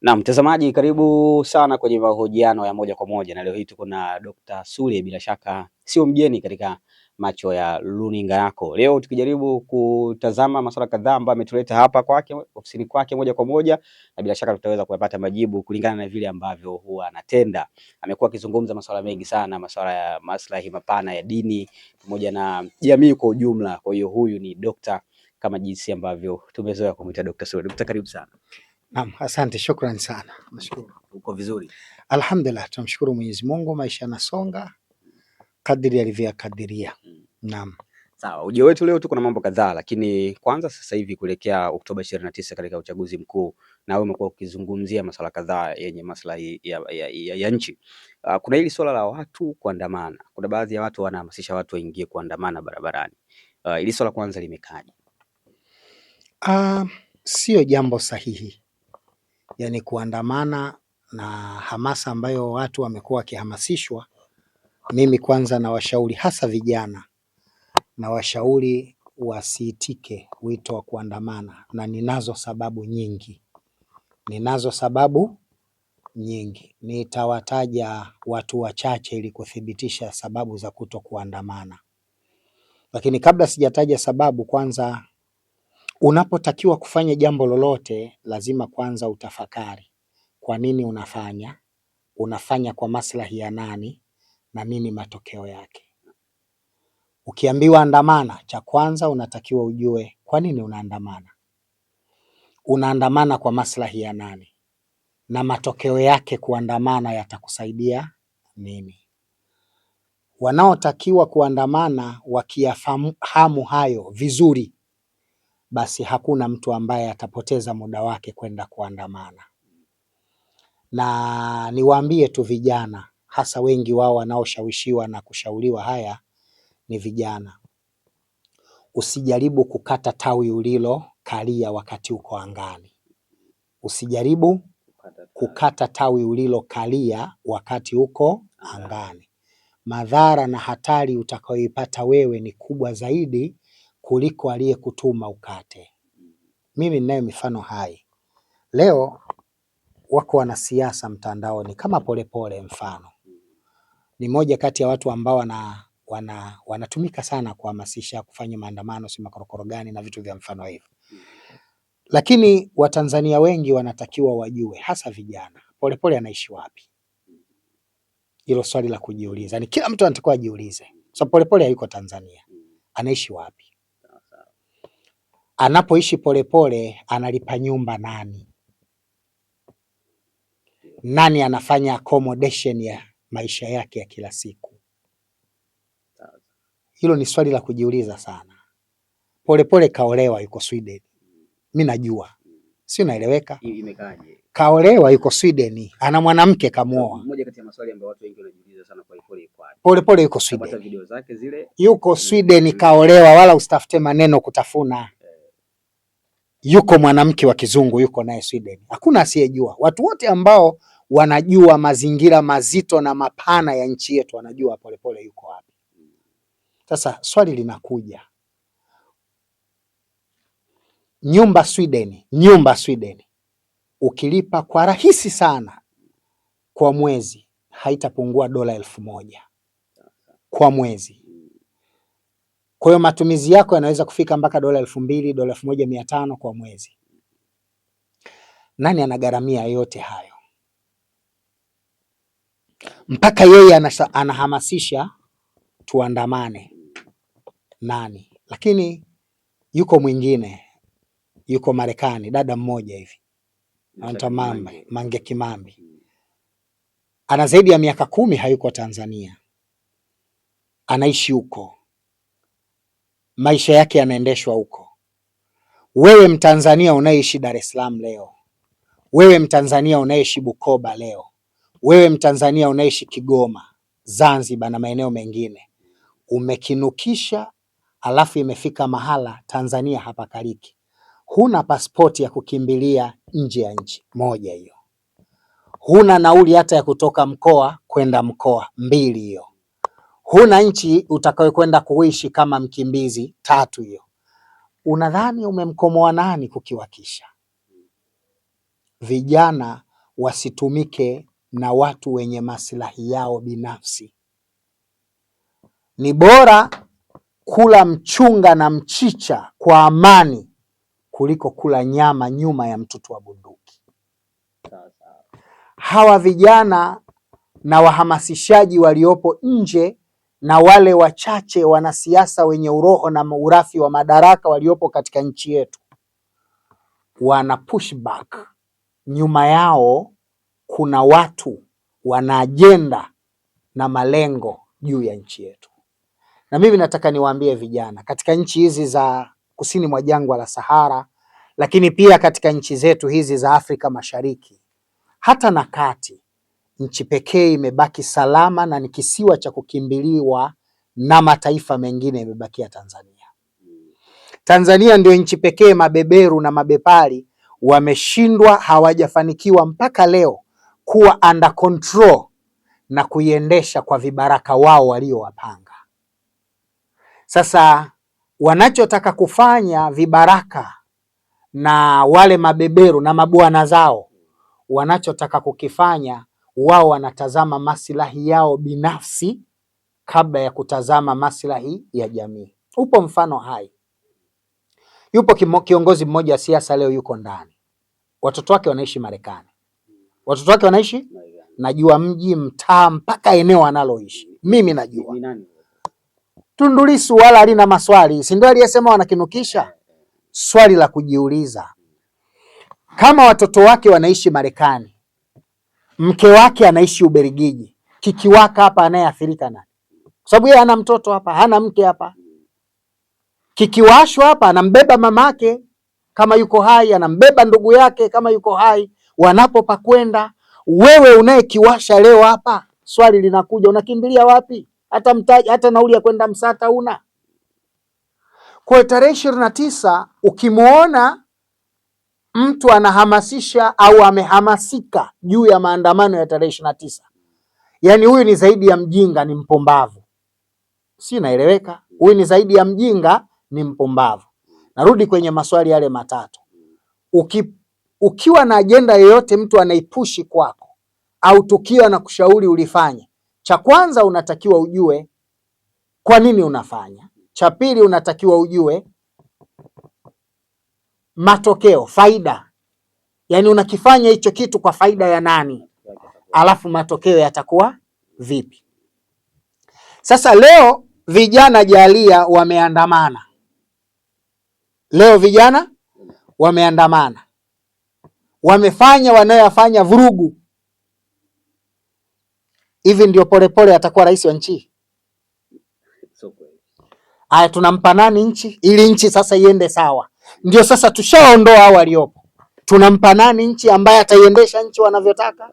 Na mtazamaji, karibu sana kwenye mahojiano ya moja kwa moja, na leo hii tuko na Dr. Sule, bila shaka sio mgeni katika macho ya luninga yako. Leo tukijaribu kutazama masuala kadhaa ambayo ametuleta hapa kwake ofisini kwake moja kwa moja, na bila shaka tutaweza kuyapata majibu kulingana na vile ambavyo huwa anatenda. Amekuwa akizungumza masuala mengi sana, masuala ya maslahi mapana ya dini pamoja na jamii kwa ujumla. Kwa hiyo huyu ni dokta kama jinsi ambavyo tumezoea kumuita Dr. Sule. Dokta, karibu sana. Naam, asante shukrani sana. Nashukuru. Uko vizuri? Alhamdulillah, tunamshukuru Mwenyezi Mungu, maisha yanasonga kadiri alivyokadiria. Mm. Naam. Sawa, ujio wetu leo tuko na mambo kadhaa, lakini kwanza, sasa hivi kuelekea Oktoba 29 katika uchaguzi mkuu, na wewe umekuwa ukizungumzia masuala kadhaa yenye maslahi ya, ya, ya, ya nchi. Uh, kuna hili swala la watu kuandamana. Kuna baadhi ya watu wanahamasisha watu waingie kuandamana barabarani. Uh, hili swala kwanza limekaje? Uh, ah, sio jambo sahihi yani kuandamana na hamasa ambayo watu wamekuwa wakihamasishwa. Mimi kwanza nawashauri hasa vijana, nawashauri wasiitike wito wa kuandamana, na ninazo sababu nyingi, ninazo sababu nyingi. Nitawataja watu wachache ili kuthibitisha sababu za kuto kuandamana, lakini kabla sijataja sababu, kwanza Unapotakiwa kufanya jambo lolote, lazima kwanza utafakari. Kwa nini unafanya? Unafanya kwa maslahi ya nani? Na nini matokeo yake? Ukiambiwa andamana, cha kwanza unatakiwa ujue kwa nini unaandamana. Unaandamana kwa maslahi ya nani? Na matokeo yake kuandamana yatakusaidia nini? Wanaotakiwa kuandamana wakiyafahamu hayo vizuri basi hakuna mtu ambaye atapoteza muda wake kwenda kuandamana. Na niwaambie tu vijana, hasa wengi wao wanaoshawishiwa na kushauriwa haya ni vijana, usijaribu kukata tawi ulilo kalia wakati uko angani. Usijaribu kukata tawi ulilo kalia wakati uko angani. Madhara na hatari utakayoipata wewe ni kubwa zaidi kuliko aliyekutuma ukate. Mimi ninayo mifano hai. Leo wako wanasiasa mtandaoni kama Polepole mfano ni moja kati ya watu ambao wana, wana, wanatumika sana kuhamasisha kufanya maandamano si makorokoro gani na vitu vya mfano hivyo, lakini Watanzania wengi wanatakiwa wajue, hasa vijana, Polepole anaishi wapi? Hilo swali la kujiuliza, ni kila mtu anatakiwa ajiulize. So Polepole hayuko Tanzania, anaishi wapi? anapoishi polepole analipa nyumba nani? Nani anafanya accommodation ya maisha yake ya kila siku? Hilo ni swali la kujiuliza sana. Polepole kaolewa, yuko Sweden, mi najua, si unaeleweka? Kaolewa, yuko Sweden, ana mwanamke kamuoa. Mmoja kati ya maswali ambayo watu wengi wanajiuliza sana kwa Polepole wapi? Polepole, yuko Sweden, yuko Sweden, kaolewa, wala usitafute maneno kutafuna yuko mwanamke wa kizungu yuko naye Sweden. Hakuna asiyejua. Watu wote ambao wanajua mazingira mazito na mapana ya nchi yetu wanajua Polepole yuko wapi. Sasa swali linakuja, nyumba Sweden, nyumba Sweden ukilipa kwa rahisi sana kwa mwezi haitapungua dola elfu moja kwa mwezi. Kwa hiyo matumizi yako yanaweza kufika mpaka dola elfu mbili, dola elfu moja mia tano kwa mwezi. Nani anagharamia yote hayo? Mpaka yeye anahamasisha tuandamane. Nani? Lakini yuko mwingine, yuko Marekani, dada mmoja hivi anaitwa Mambe Mange Kimambi, ana zaidi ya miaka kumi hayuko Tanzania, anaishi huko maisha yake yanaendeshwa huko. Wewe Mtanzania unayeishi Dar es Salaam leo, wewe Mtanzania unayeishi Bukoba leo, wewe Mtanzania unayeishi Kigoma, Zanzibar na maeneo mengine, umekinukisha alafu imefika mahala Tanzania hapakaliki. Huna pasipoti ya kukimbilia nje ya nchi, moja hiyo. Huna nauli hata ya kutoka mkoa kwenda mkoa, mbili hiyo huna nchi utakayokwenda kuishi kama mkimbizi. Tatu hiyo, unadhani umemkomoa nani kukiwakisha? Vijana wasitumike na watu wenye maslahi yao binafsi. Ni bora kula mchunga na mchicha kwa amani kuliko kula nyama nyuma ya mtutu wa bunduki. Hawa vijana na wahamasishaji waliopo nje na wale wachache wanasiasa wenye uroho na urafi wa madaraka waliopo katika nchi yetu wana pushback. Nyuma yao kuna watu wana ajenda na malengo juu ya nchi yetu, na mimi nataka niwaambie vijana katika nchi hizi za kusini mwa jangwa la Sahara, lakini pia katika nchi zetu hizi za Afrika Mashariki hata na kati nchi pekee imebaki salama na ni kisiwa cha kukimbiliwa na mataifa mengine, imebakia Tanzania. Tanzania ndio nchi pekee mabeberu na mabepari wameshindwa, hawajafanikiwa mpaka leo kuwa under control na kuiendesha kwa vibaraka wao waliowapanga. Sasa wanachotaka kufanya vibaraka na wale mabeberu na mabwana zao wanachotaka kukifanya wao wanatazama maslahi yao binafsi kabla ya kutazama maslahi ya jamii. Upo mfano hai. Yupo kiongozi mmoja wa siasa leo yuko ndani, watoto wake wanaishi Marekani, watoto wake wanaishi najua mji mtaa mpaka eneo analoishi, mimi najua. Tundu Lissu wala alina maswali, si ndio? Aliyesema wanakinukisha. Swali la kujiuliza, kama watoto wake wanaishi Marekani mke wake anaishi Uberigiji, kikiwaka hapa anayeathirika nani? Kwa sababu yeye ana mtoto hapa, hana mke hapa. Kikiwashwa hapa anambeba mamake kama yuko hai, anambeba ndugu yake kama yuko hai, wanapopakwenda. Wewe unayekiwasha leo hapa, swali linakuja, unakimbilia wapi? Hata mtaji, hata nauli ya kwenda Msata una. Kwa tarehe ishirini na tisa ukimwona mtu anahamasisha au amehamasika juu ya maandamano ya tarehe ishirini na tisa. Yaani huyu ni zaidi ya mjinga, ni mpumbavu. Si naeleweka? Huyu ni zaidi ya mjinga, ni mpumbavu. Narudi kwenye maswali yale matatu. Uki, ukiwa na ajenda yoyote mtu anaipushi kwako au tukio na kushauri ulifanye, cha kwanza unatakiwa ujue kwa nini unafanya. Cha pili unatakiwa ujue matokeo, faida. Yaani unakifanya hicho kitu kwa faida ya nani, alafu matokeo yatakuwa vipi? Sasa leo vijana Jalia wameandamana, leo vijana wameandamana, wamefanya wanayoyafanya vurugu. Hivi ndio Polepole atakuwa rais wa nchi? Haya, tunampa nani nchi ili nchi sasa iende sawa? Ndio sasa tushaondoa hao waliopo, tunampa nani nchi ambaye ataiendesha nchi wanavyotaka?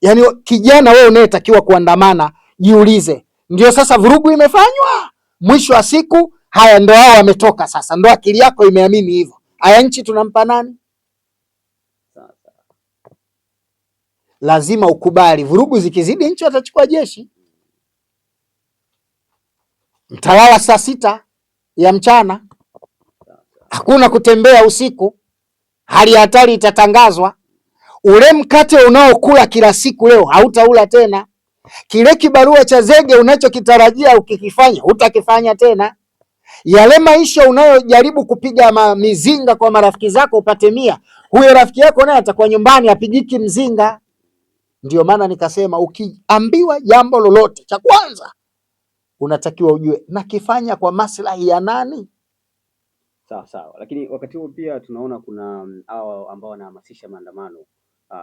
Yaani kijana wewe unayetakiwa kuandamana, jiulize. Ndio sasa vurugu imefanywa, mwisho wa siku haya ndo hao wametoka. Sasa ndo akili yako imeamini hivyo, haya nchi tunampa nani? Lazima ukubali, vurugu zikizidi nchi watachukua jeshi. Mtawala saa sita ya mchana hakuna kutembea usiku, hali ya hatari itatangazwa. Ule mkate unaokula kila siku leo hautaula tena. Kile kibarua cha zege unachokitarajia ukikifanya hutakifanya tena. Yale maisha unayojaribu kupiga ma mizinga kwa marafiki zako upate mia, huyo rafiki yako naye atakuwa nyumbani apigiki mzinga. ndio maana nikasema ukiambiwa jambo lolote, cha kwanza unatakiwa ujue nakifanya kwa maslahi ya nani? sawa sawa, lakini wakati huo pia tunaona kuna mm, hao ambao wanahamasisha maandamano uh,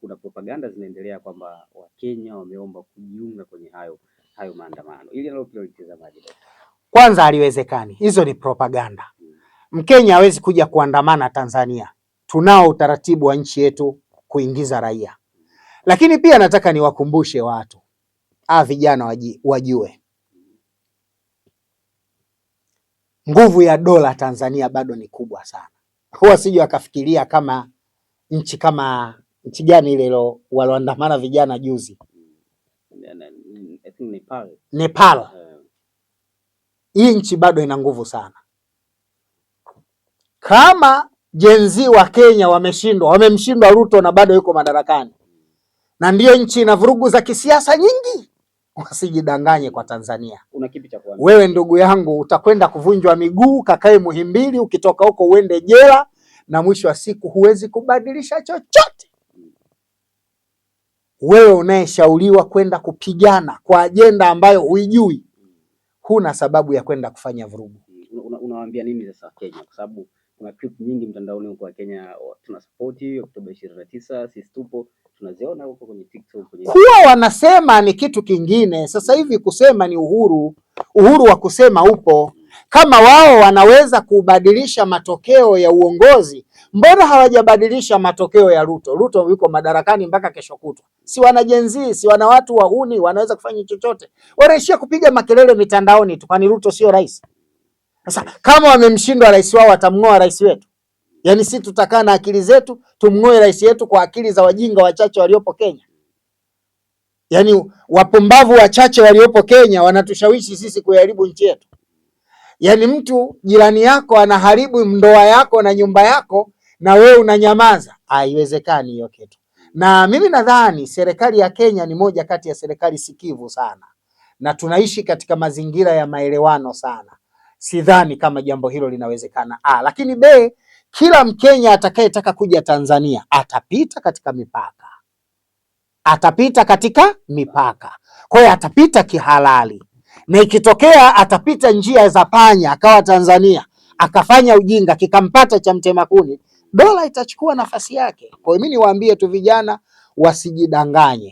kuna propaganda zinaendelea kwamba Wakenya wameomba kujiunga kwenye hayo hayo maandamano. Ili nalo pia litazamaje? Kwanza haliwezekani, hizo ni propaganda. Hmm. Mkenya hawezi kuja kuandamana Tanzania, tunao utaratibu wa nchi yetu kuingiza raia. Lakini pia nataka niwakumbushe watu, a vijana wajue nguvu ya dola Tanzania bado ni kubwa sana. Huwa sije wakafikiria kama nchi kama nchi gani ile ilo waloandamana vijana juzi Nepal. Nepal. Eh. Hii nchi bado ina nguvu sana. Kama jenzi wa Kenya wameshindwa, wamemshindwa Ruto na bado yuko madarakani, na ndiyo nchi ina vurugu za kisiasa nyingi Usijidanganye kwa Tanzania. Una kipi cha kuamini? Wewe ndugu yangu utakwenda kuvunjwa miguu, kakae Muhimbili, ukitoka huko uende jela, na mwisho wa siku huwezi kubadilisha chochote. Wewe unayeshauriwa kwenda kupigana kwa ajenda ambayo huijui, huna sababu ya kwenda kufanya vurugu. Unawaambia una, nini sasa Kenya? Kwa sababu kuna clip nyingi mtandaoni huko wa Kenya tunasapoti Oktoba 29 sisi tupo tunaziona huko kwenye TikTok kwenye... kuwa wanasema ni kitu kingine. Sasa hivi kusema ni uhuru, uhuru wa kusema upo. Kama wao wanaweza kubadilisha matokeo ya uongozi, mbona hawajabadilisha matokeo ya Ruto? Ruto yuko madarakani mpaka kesho kutwa. Si wana jenzii, si wana watu wahuni, wanaweza kufanya chochote, wanaishia kupiga makelele mitandaoni tu, kwani Ruto sio rais? Sasa kama wamemshindwa rais wao, watamng'oa rais wetu? Yaani si tutakaa na akili zetu tumng'oe rais yetu kwa akili za wajinga wachache waliopo Kenya? Yaani wapumbavu wachache waliopo Kenya wanatushawishi sisi kuharibu nchi yetu? Yaani mtu jirani yako anaharibu ndoa yako na nyumba yako na wewe unanyamaza? Haiwezekani hiyo kitu. Na mimi nadhani serikali ya Kenya ni moja kati ya serikali sikivu sana, na tunaishi katika mazingira ya maelewano sana sidhani kama jambo hilo linawezekana. A, lakini B, kila Mkenya atakayetaka kuja Tanzania atapita katika mipaka, atapita katika mipaka, kwa hiyo atapita kihalali, na ikitokea atapita njia za panya akawa Tanzania akafanya ujinga kikampata cha mtema kuni, dola itachukua nafasi yake. Kwa hiyo mimi niwaambie tu vijana wasijidanganye.